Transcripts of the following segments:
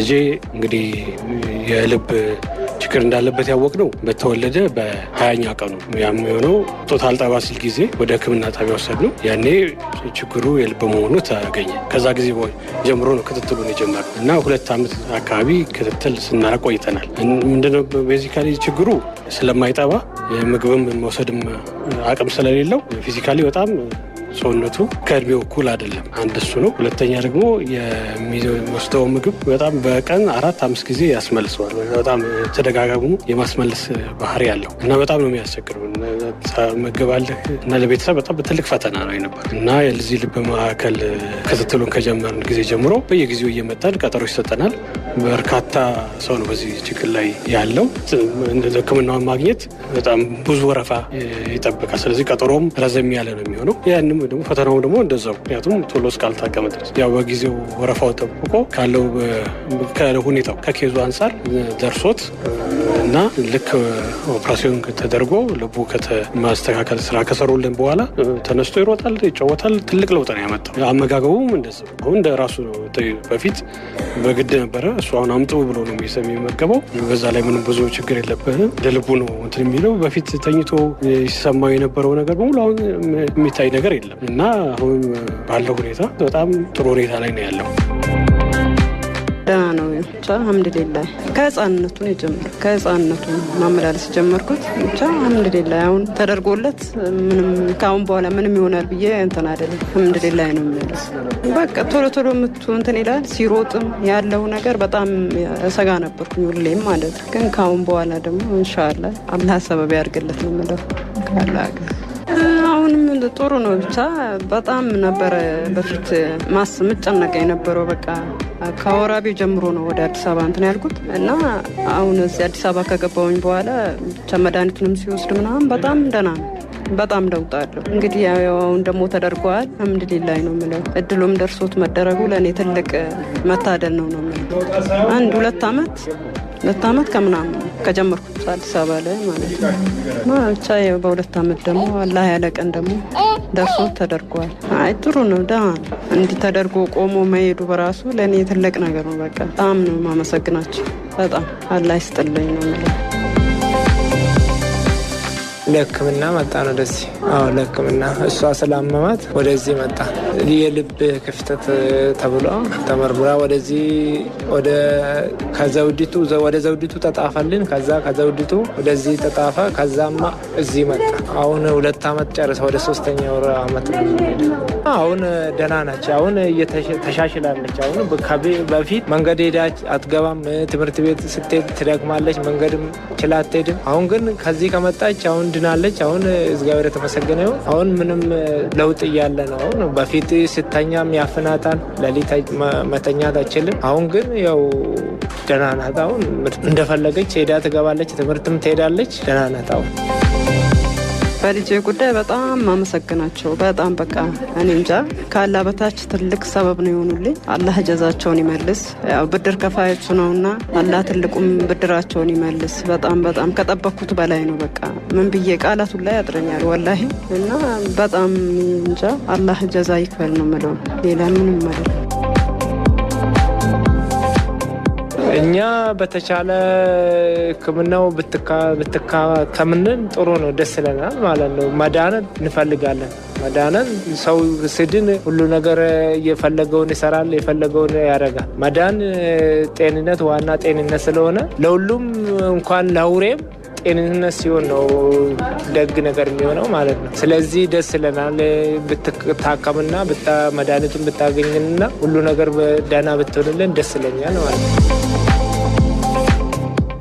ልጄ እንግዲህ የልብ ችግር እንዳለበት ያወቅ ነው በተወለደ በሀያኛ ቀኑ ያም የሆነው ቶታል ጠባ ሲል ጊዜ ወደ ህክምና ጣቢያ ወሰድ ነው። ያኔ ችግሩ የልብ መሆኑ ተገኘ። ከዛ ጊዜ ጀምሮ ነው ክትትሉ የጀመርነው እና ሁለት ዓመት አካባቢ ክትትል ስናረ ቆይተናል። ምንድነው ቤዚካሊ ችግሩ ስለማይጠባ ምግብም መውሰድም አቅም ስለሌለው ፊዚካሊ በጣም ሰውነቱ ከእድሜው እኩል አይደለም። አንድ እሱ ነው። ሁለተኛ ደግሞ የሚወስደው ምግብ በጣም በቀን አራት አምስት ጊዜ ያስመልሰዋል። በጣም ተደጋጋሙ የማስመልስ ባህሪ ያለው እና በጣም ነው የሚያስቸግረው። መገባለህ እና ለቤተሰብ በጣም ትልቅ ፈተና ነው የነበር እና የዚህ ልብ ማዕከል ክትትሉን ከጀመርን ጊዜ ጀምሮ በየጊዜው እየመጣን ቀጠሮ ይሰጠናል። በርካታ ሰው ነው በዚህ ችግር ላይ ያለው። ሕክምናውን ማግኘት በጣም ብዙ ወረፋ ይጠብቃል። ስለዚህ ቀጠሮም ረዘም ያለ ነው የሚሆነው ያንም ወይ ደግሞ ፈተናው ደግሞ እንደዛው። ምክንያቱም ቶሎ እስካልታከመ ድረስ ያው በጊዜው ወረፋው ጠብቆ ካለው ሁኔታው ከኬዙ አንጻር ደርሶት እና ልክ ኦፕራሲዮን ተደርጎ ልቡ ማስተካከል ስራ ከሰሩልን በኋላ ተነስቶ ይሮጣል፣ ይጫወታል። ትልቅ ለውጥ ነው ያመጣው። አመጋገቡም እንደዚ አሁን እንደ ራሱ በፊት በግድ ነበረ እሱ አሁን አምጡ ብሎ ነው የሚመገበው። በዛ ላይ ምንም ብዙ ችግር የለብህም። ለልቡ ነው እንትን የሚለው። በፊት ተኝቶ ሲሰማው የነበረው ነገር በሙሉ አሁን የሚታይ ነገር የለም። አይደለም እና አሁን ባለው ሁኔታ በጣም ጥሩ ሁኔታ ላይ ነው ያለው። ደህና ነው ብቻ አምድሌላ ከህፃንነቱ ነው የጀመርኩት። ከህፃንነቱ ማመላለስ የጀመርኩት ብቻ አምድሌላ አሁን ተደርጎለት ምንም ከአሁን በኋላ ምንም ይሆናል ብዬ እንትን አይደለም። አምድሌላ ነው የሚመለስ በቃ ቶሎ ቶሎ ምቱ እንትን ይላል። ሲሮጥም ያለው ነገር በጣም ሰጋ ነበርኩኝ ሁሌም ማለት ግን ከአሁን በኋላ ደግሞ እንሻላ አላህ ሰበብ ያርግለት ነው የምለው ካለ ሀገር አሁንም ጥሩ ነው። ብቻ በጣም ነበረ በፊት ማስ ምጨነቀ የነበረው በቃ ከወራቤ ጀምሮ ነው ወደ አዲስ አበባ እንትን ያልኩት እና አሁን እዚህ አዲስ አበባ ከገባውኝ በኋላ ብቻ መድኃኒቱንም ሲወስድ ምናምን በጣም ደህና ነው። በጣም ደውጣለሁ። እንግዲህ ያው አሁን ደግሞ ተደርገዋል። አልሐምዱሊላህ ነው የምለው። እድሉም ደርሶት መደረጉ ለእኔ ትልቅ መታደል ነው ነው የምለው። አንድ ሁለት አመት ሁለት ዓመት ከምናም ከጀመርኩ አዲስ አበባ ላይ ማለት ነው። ብቻ በሁለት ዓመት ደግሞ አላህ ያለ ቀን ደግሞ ደርሶ ተደርጓል። አይ ጥሩ ነው፣ ደህና ነው። እንዲህ ተደርጎ ቆሞ መሄዱ በራሱ ለእኔ ትልቅ ነገር ነው። በቃ በጣም ነው የማመሰግናቸው። በጣም አላህ ይስጥልኝ ነው የምለው። ለህክምና መጣ ነው ወደዚህ። አዎ ለህክምና እሷ ስላመማት ወደዚህ መጣ። የልብ ክፍተት ተብሎ ተመርምራ ወደዚህ ወደ ከዘውዲቱ ወደ ዘውዲቱ ተጣፈልን። ከዛ ከዘውዲቱ ወደዚህ ተጣፈ። ከዛማ እዚህ መጣ። አሁን ሁለት አመት ጨርሰ ወደ ሶስተኛ ወር አመት አሁን ደህና ናች። አሁን ተሻሽላለች። አሁን በፊት መንገድ ሄዳች አትገባም። ትምህርት ቤት ስትሄድ ትደግማለች። መንገድም ችላ አትሄድም። አሁን ግን ከዚህ ከመጣች አሁን ድናለች። አሁን እግዚአብሔር የተመሰገነ ይሁን። አሁን ምንም ለውጥ እያለ ነው። በፊት ስተኛም ያፍናታል፣ ለሊት መተኛት አችልም። አሁን ግን ያው ደህና ናት። አሁን እንደፈለገች ሄዳ ትገባለች፣ ትምህርትም ትሄዳለች። ደህና ናት አሁን በልጄ ጉዳይ በጣም አመሰግናቸው በጣም በቃ እኔ እንጃ ካላ በታች ትልቅ ሰበብ ነው የሆኑልኝ። አላህ እጀዛቸውን ይመልስ። ያው ብድር ከፋዮቹ ነውና አላህ ትልቁም ብድራቸውን ይመልስ። በጣም በጣም ከጠበኩት በላይ ነው። በቃ ምን ብዬ ቃላቱን ላይ ያጥረኛል ወላሂ። እና በጣም እንጃ አላህ እጀዛ ይክፈል ነው ምለው ሌላ ምንም ማለት እኛ በተቻለ ህክምናው ብትከምንን ጥሩ ነው፣ ደስ ይለናል ማለት ነው። መዳነት እንፈልጋለን። መዳነት ሰው ስድን ሁሉ ነገር የፈለገውን ይሰራል፣ የፈለገውን ያደርጋል። መዳን ጤንነት ዋና ጤንነት ስለሆነ ለሁሉም እንኳን ለአውሬም ጤንነት ሲሆን ነው ደግ ነገር የሚሆነው ማለት ነው። ስለዚህ ደስ ይለናል ብትታከምና መድኃኒቱን ብታገኝና ሁሉ ነገር ደህና ብትሆንልን ደስ ይለኛል ማለት ነው።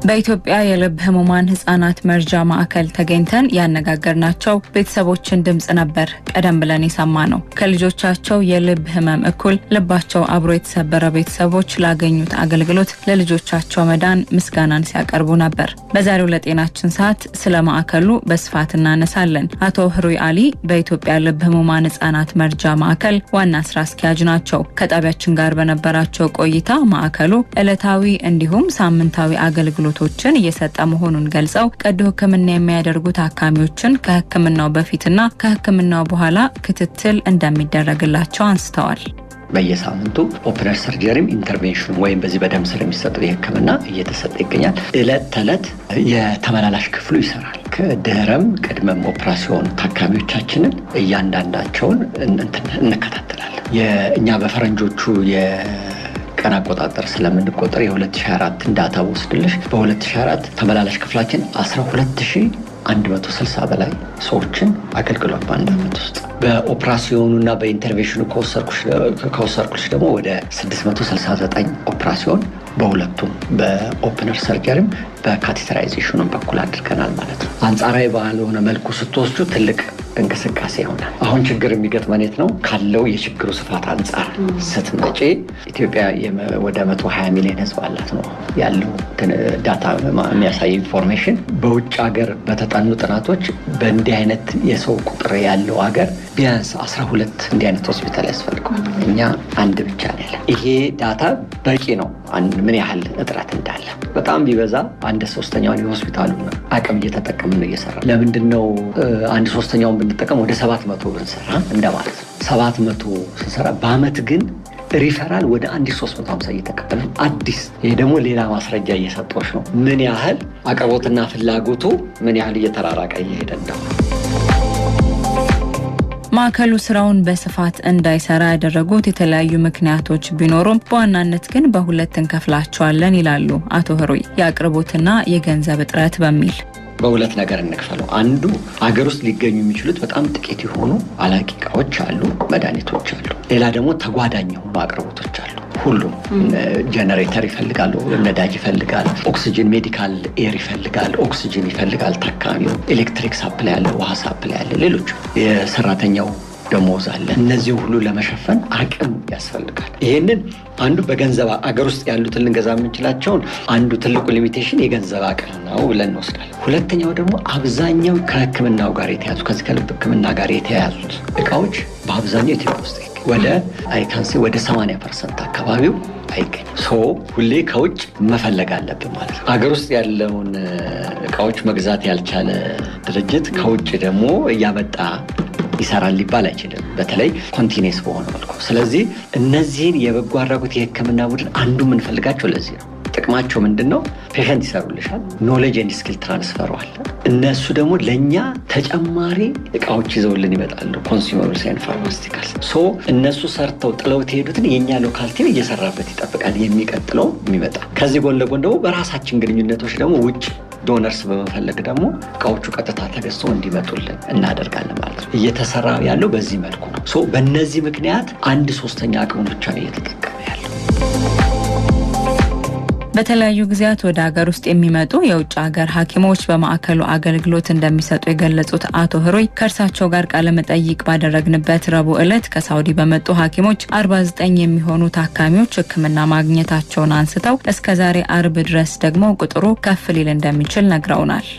በኢትዮጵያ የልብ ህሙማን ህጻናት መርጃ ማዕከል ተገኝተን ያነጋገርናቸው ቤተሰቦችን ድምፅ ነበር። ቀደም ብለን የሰማ ነው። ከልጆቻቸው የልብ ህመም እኩል ልባቸው አብሮ የተሰበረ ቤተሰቦች ላገኙት አገልግሎት ለልጆቻቸው መዳን ምስጋናን ሲያቀርቡ ነበር። በዛሬው ለጤናችን ሰዓት ስለ ማዕከሉ በስፋት እናነሳለን። አቶ ህሩይ አሊ በኢትዮጵያ ልብ ህሙማን ህጻናት መርጃ ማዕከል ዋና ስራ አስኪያጅ ናቸው። ከጣቢያችን ጋር በነበራቸው ቆይታ ማዕከሉ ዕለታዊ እንዲሁም ሳምንታዊ አገልግሎት ግብዓቶችን እየሰጠ መሆኑን ገልጸው ቀዶ ሕክምና የሚያደርጉ ታካሚዎችን ከሕክምናው በፊትና ከሕክምናው በኋላ ክትትል እንደሚደረግላቸው አንስተዋል። በየሳምንቱ ኦፕነር ሰርጀሪም ኢንተርቬንሽን ወይም በዚህ በደም ስር የሚሰጠው የህክምና እየተሰጠ ይገኛል። እለት ተዕለት የተመላላሽ ክፍሉ ይሰራል። ከድህረም ቅድመም ኦፕራሲዮን ታካሚዎቻችንን እያንዳንዳቸውን እንከታተላለን። እኛ በፈረንጆቹ ቀን አቆጣጠር ስለምንቆጠር የ2024ን ዳታ ወስድልሽ በ2024 ተመላላሽ ክፍላችን 12160 በላይ ሰዎችን አገልግሏል በአንድ ዓመት ውስጥ በኦፕራሲዮኑና በኢንተርቬንሽኑ ከወሰድኩልሽ ደግሞ ወደ 669 ኦፕራሲዮን በሁለቱም በኦፕነር ሰርጀሪም በካቴተራይዜሽኑም በኩል አድርገናል ማለት ነው። አንጻራዊ የሆነ መልኩ ስትወስዱ ትልቅ እንቅስቃሴ ይሆናል። አሁን ችግር የሚገጥመን የት ነው? ካለው የችግሩ ስፋት አንጻር ስትመጪ ኢትዮጵያ ወደ 120 ሚሊዮን ህዝብ አላት ነው ያለው ዳታ የሚያሳይ ኢንፎርሜሽን። በውጭ ሀገር በተጠኑ ጥናቶች በእንዲህ አይነት የሰው ቁጥር ያለው ሀገር ቢያንስ 12 እንዲህ አይነት ሆስፒታል ያስፈልገዋል። እኛ አንድ ብቻ ነው ያለ። ይሄ ዳታ በቂ ነው። ምን ያህል እጥረት እንዳለ በጣም ቢበዛ አንድ ሶስተኛውን የሆስፒታሉ አቅም እየተጠቀምን ነው እየሰራ ለምንድን ነው አንድ ሶስተኛውን ብንጠቀም ወደ ሰባት መቶ ብንሰራ እንደማለት ነው። ሰባት መቶ ስንሰራ በአመት ግን ሪፈራል ወደ አንድ ሶስት መቶ ሀምሳ እየተቀበለ አዲስ። ይሄ ደግሞ ሌላ ማስረጃ እየሰጠች ነው፣ ምን ያህል አቅርቦትና ፍላጎቱ ምን ያህል እየተራራቀ እየሄደ እንደው ማዕከሉ ስራውን በስፋት እንዳይሰራ ያደረጉት የተለያዩ ምክንያቶች ቢኖሩም በዋናነት ግን በሁለት እንከፍላቸዋለን ይላሉ አቶ ህሩይ የአቅርቦትና የገንዘብ እጥረት በሚል በሁለት ነገር እንክፈለው። አንዱ ሀገር ውስጥ ሊገኙ የሚችሉት በጣም ጥቂት የሆኑ አላቂ እቃዎች አሉ፣ መድኃኒቶች አሉ። ሌላ ደግሞ ተጓዳኝ የሆኑ አቅርቦቶች አሉ። ሁሉም ጀነሬተር ይፈልጋሉ፣ ነዳጅ ይፈልጋል፣ ኦክሲጅን፣ ሜዲካል ኤር ይፈልጋል፣ ኦክሲጅን ይፈልጋል ታካሚው፣ ኤሌክትሪክ ሳፕላይ ያለ፣ ውሃ ሳፕላይ ያለ፣ ሌሎች የሰራተኛው ደሞዝ አለ። እነዚህ ሁሉ ለመሸፈን አቅም ያስፈልጋል። ይህንን አንዱ በገንዘብ አገር ውስጥ ያሉትን ልንገዛ የምንችላቸውን አንዱ ትልቁ ሊሚቴሽን የገንዘብ አቅም ነው ብለን እንወስዳለን። ሁለተኛው ደግሞ አብዛኛው ከህክምናው ጋር የተያዙ ከዚህ ከልብ ህክምና ጋር የተያያዙት እቃዎች በአብዛኛው ኢትዮጵያ ውስጥ ወደ አይካንሲ ወደ 80 ፐርሰንት አካባቢው አይገኝም። ሶ ሁሌ ከውጭ መፈለግ አለብን ማለት ነው። ሀገር ውስጥ ያለውን እቃዎች መግዛት ያልቻለ ድርጅት ከውጭ ደግሞ እያመጣ ይሰራል ሊባል አይችልም፣ በተለይ ኮንቲኔስ በሆነ መልኩ። ስለዚህ እነዚህን የበጎ አድራጎት የህክምና ቡድን አንዱ የምንፈልጋቸው ለዚህ ነው። ጥቅማቸው ምንድን ነው? ፔሸንት ይሰሩልሻል። ኖሌጅ ኤንድ ስኪል ትራንስፈሩ አለ። እነሱ ደግሞ ለእኛ ተጨማሪ እቃዎች ይዘውልን ይመጣሉ። ኮንሱመብልስ ኤንድ ፋርማስቲካልስ። ሶ እነሱ ሰርተው ጥለው የሄዱትን የእኛ ሎካል ቲም እየሰራበት ይጠብቃል። የሚቀጥለው የሚመጣ ከዚህ ጎን ለጎን ደግሞ በራሳችን ግንኙነቶች ደግሞ ውጭ ዶነርስ በመፈለግ ደግሞ እቃዎቹ ቀጥታ ተገዝቶ እንዲመጡልን እናደርጋለን ማለት ነው። እየተሰራ ያለው በዚህ መልኩ ነው። በእነዚህ ምክንያት አንድ ሶስተኛ አቅሙን ብቻ ነው እየተገ በተለያዩ ጊዜያት ወደ ሀገር ውስጥ የሚመጡ የውጭ ሀገር ሐኪሞች በማዕከሉ አገልግሎት እንደሚሰጡ የገለጹት አቶ ህሩይ ከእርሳቸው ጋር ቃለመጠይቅ ባደረግንበት ረቡዕ ዕለት ከሳውዲ በመጡ ሐኪሞች 49 የሚሆኑ ታካሚዎች ሕክምና ማግኘታቸውን አንስተው እስከ ዛሬ አርብ ድረስ ደግሞ ቁጥሩ ከፍ ሊል እንደሚችል ነግረውናል።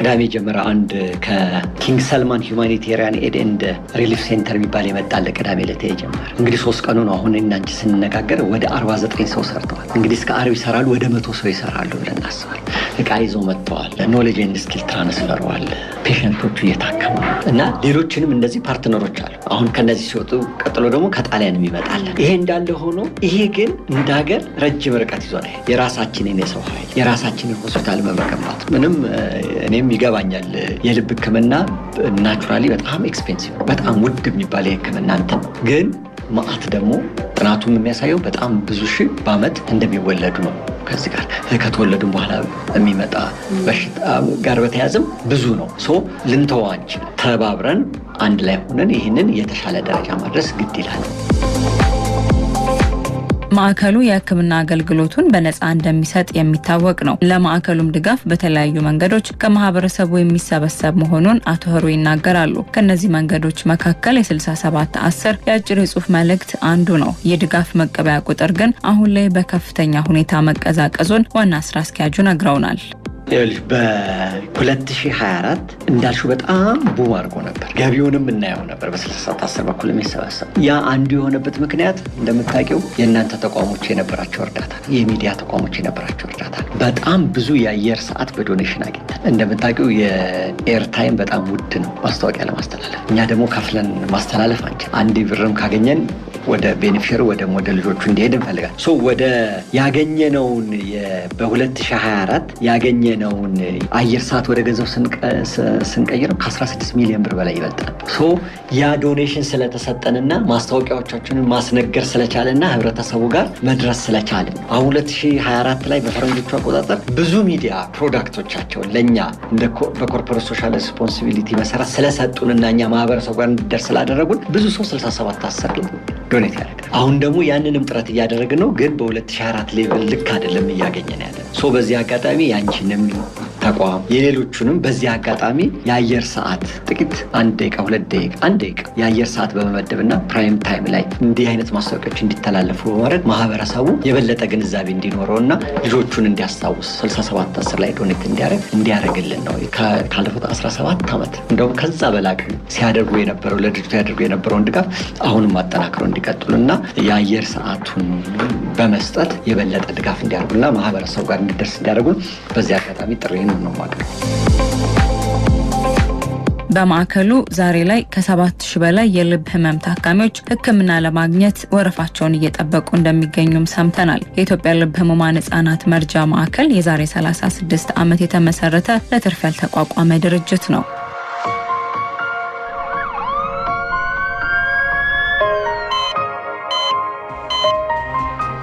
ቅዳሜ ጀመረ አንድ ከኪንግ ሰልማን ሁማኒቴሪያን ኤድ ኤንድ ሪሊፍ ሴንተር የሚባል የመጣለ ቅዳሜ ለተ ጀመረ። እንግዲህ ሶስት ቀኑ ነው። አሁን እኛ ስንነጋገር ወደ 49 ሰው ሰርተዋል። እንግዲህ እስከ አርብ ይሰራሉ፣ ወደ መቶ ሰው ይሰራሉ ብለን እናስባል። እቃ ይዞ መጥተዋል። ኖሌጅ ኤንድ ስኪል ትራንስፈረዋል። ፔሽንቶቹ እየታከሙ እና ሌሎችንም እንደዚህ ፓርትነሮች አሉ። አሁን ከነዚህ ሲወጡ ቀጥሎ ደግሞ ከጣሊያንም ይመጣል። ይሄ እንዳለ ሆኖ ይሄ ግን እንደ ሀገር ረጅም ርቀት ይዞ የራሳችንን የሰው ኃይል የራሳችንን ሆስፒታል በመገንባት ምንም እኔም አሁንም ይገባኛል። የልብ ህክምና ናቹራሊ በጣም ኤክስፔንሲቭ በጣም ውድ የሚባል የህክምና እንትን ግን መዓት ደግሞ ጥናቱም የሚያሳየው በጣም ብዙ ሺ በአመት እንደሚወለዱ ነው። ከዚህ ጋር ከተወለዱም በኋላ የሚመጣ በሽታ ጋር በተያዝም ብዙ ነው። ሶ ልንተዋንች ተባብረን አንድ ላይ ሆነን ይህንን የተሻለ ደረጃ ማድረስ ግድ ይላል። ማዕከሉ የህክምና አገልግሎቱን በነፃ እንደሚሰጥ የሚታወቅ ነው። ለማዕከሉም ድጋፍ በተለያዩ መንገዶች ከማህበረሰቡ የሚሰበሰብ መሆኑን አቶ ህሩ ይናገራሉ። ከእነዚህ መንገዶች መካከል የ67 አስር የአጭር የጽሁፍ መልእክት አንዱ ነው። የድጋፍ መቀበያ ቁጥር ግን አሁን ላይ በከፍተኛ ሁኔታ መቀዛቀዙን ዋና ስራ አስኪያጁ ነግረውናል። በ2024 እንዳልሹ በጣም ቡም አድርጎ ነበር። ገቢውንም እናየው ነበር በ67 10 በኩል የሚሰባሰብ ያ አንዱ የሆነበት ምክንያት እንደምታውቂው የእናንተ ተቋሞች የነበራቸው እርዳታ የሚዲያ ተቋሞች የነበራቸው እርዳታ በጣም ብዙ የአየር ሰዓት በዶኔሽን አግኝታል። እንደምታውቂው የኤርታይም በጣም ውድ ነው ማስታወቂያ ለማስተላለፍ። እኛ ደግሞ ከፍለን ማስተላለፍ አንችል። አንድ ብርም ካገኘን ወደ ቤኔፊሸሪ ወደ ወደ ልጆቹ እንዲሄድ እንፈልጋል። ወደ ያገኘነውን በ2024 ያገኘ የሆነውን አየር ሰዓት ወደ ገንዘብ ስንቀይረው ከ16 ሚሊዮን ብር በላይ ይበልጣል። ሶ ያ ዶኔሽን ስለተሰጠንና ማስታወቂያዎቻችንን ማስነገር ስለቻለና ህብረተሰቡ ጋር መድረስ ስለቻለን አሁን 2024 ላይ በፈረንጆቹ አቆጣጠር ብዙ ሚዲያ ፕሮዳክቶቻቸውን ለእኛ በኮርፖሬት ሶሻል ሬስፖንሲቢሊቲ መሰረት ስለሰጡንና እኛ ማህበረሰቡ ጋር እንዲደርስ ስላደረጉን ብዙ ሰው 67 አሰር ዶኔት ያደርጋል። አሁን ደግሞ ያንንም ጥረት እያደረግን ነው፣ ግን በ 2004 ሌቭል ልክ አይደለም እያገኘን ያለ። ሶ በዚህ አጋጣሚ ያንቺንም ተቋም የሌሎቹንም በዚህ አጋጣሚ የአየር ሰዓት ጥቂት አንድ ደቂቃ ሁለት ደቂቃ አንድ ደቂቃ የአየር ሰዓት በመመደብ በመመደብና ፕራይም ታይም ላይ እንዲህ አይነት ማስታወቂያዎች እንዲተላለፉ በማድረግ ማህበረሰቡ የበለጠ ግንዛቤ እንዲኖረው እና ልጆቹን እንዲያስታውስ 67 10 ላይ ዶኔት እንዲያደርግ እንዲያደርግልን ነው። ካለፉት 17 ዓመት እንደውም ከዛ በላቅ ሲያደርጉ የነበረው ለድርጅቱ ያደርጉ የነበረውን ድጋፍ አሁንም አጠናክሮ እንዲቀጥሉ እና የአየር ሰዓቱን በመስጠት የበለጠ ድጋፍ እንዲያደርጉና ማህበረሰቡ ጋር እንዲደርስ እንዲያደርጉ በዚህ አጋጣሚ ጥሬ ነው። ምክር ነው ማቅረብ። በማዕከሉ ዛሬ ላይ ከሰባት ሺህ በላይ የልብ ህመም ታካሚዎች ሕክምና ለማግኘት ወረፋቸውን እየጠበቁ እንደሚገኙም ሰምተናል። የኢትዮጵያ ልብ ህሙማን ህጻናት መርጃ ማዕከል የዛሬ 36 ዓመት የተመሰረተ ለትርፍ ያልተቋቋመ ድርጅት ነው።